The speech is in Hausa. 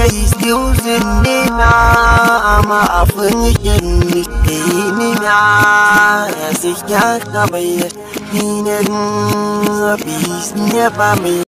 kai siusin nina ama afinkin nina ya sikya kabayar dinin zafi ne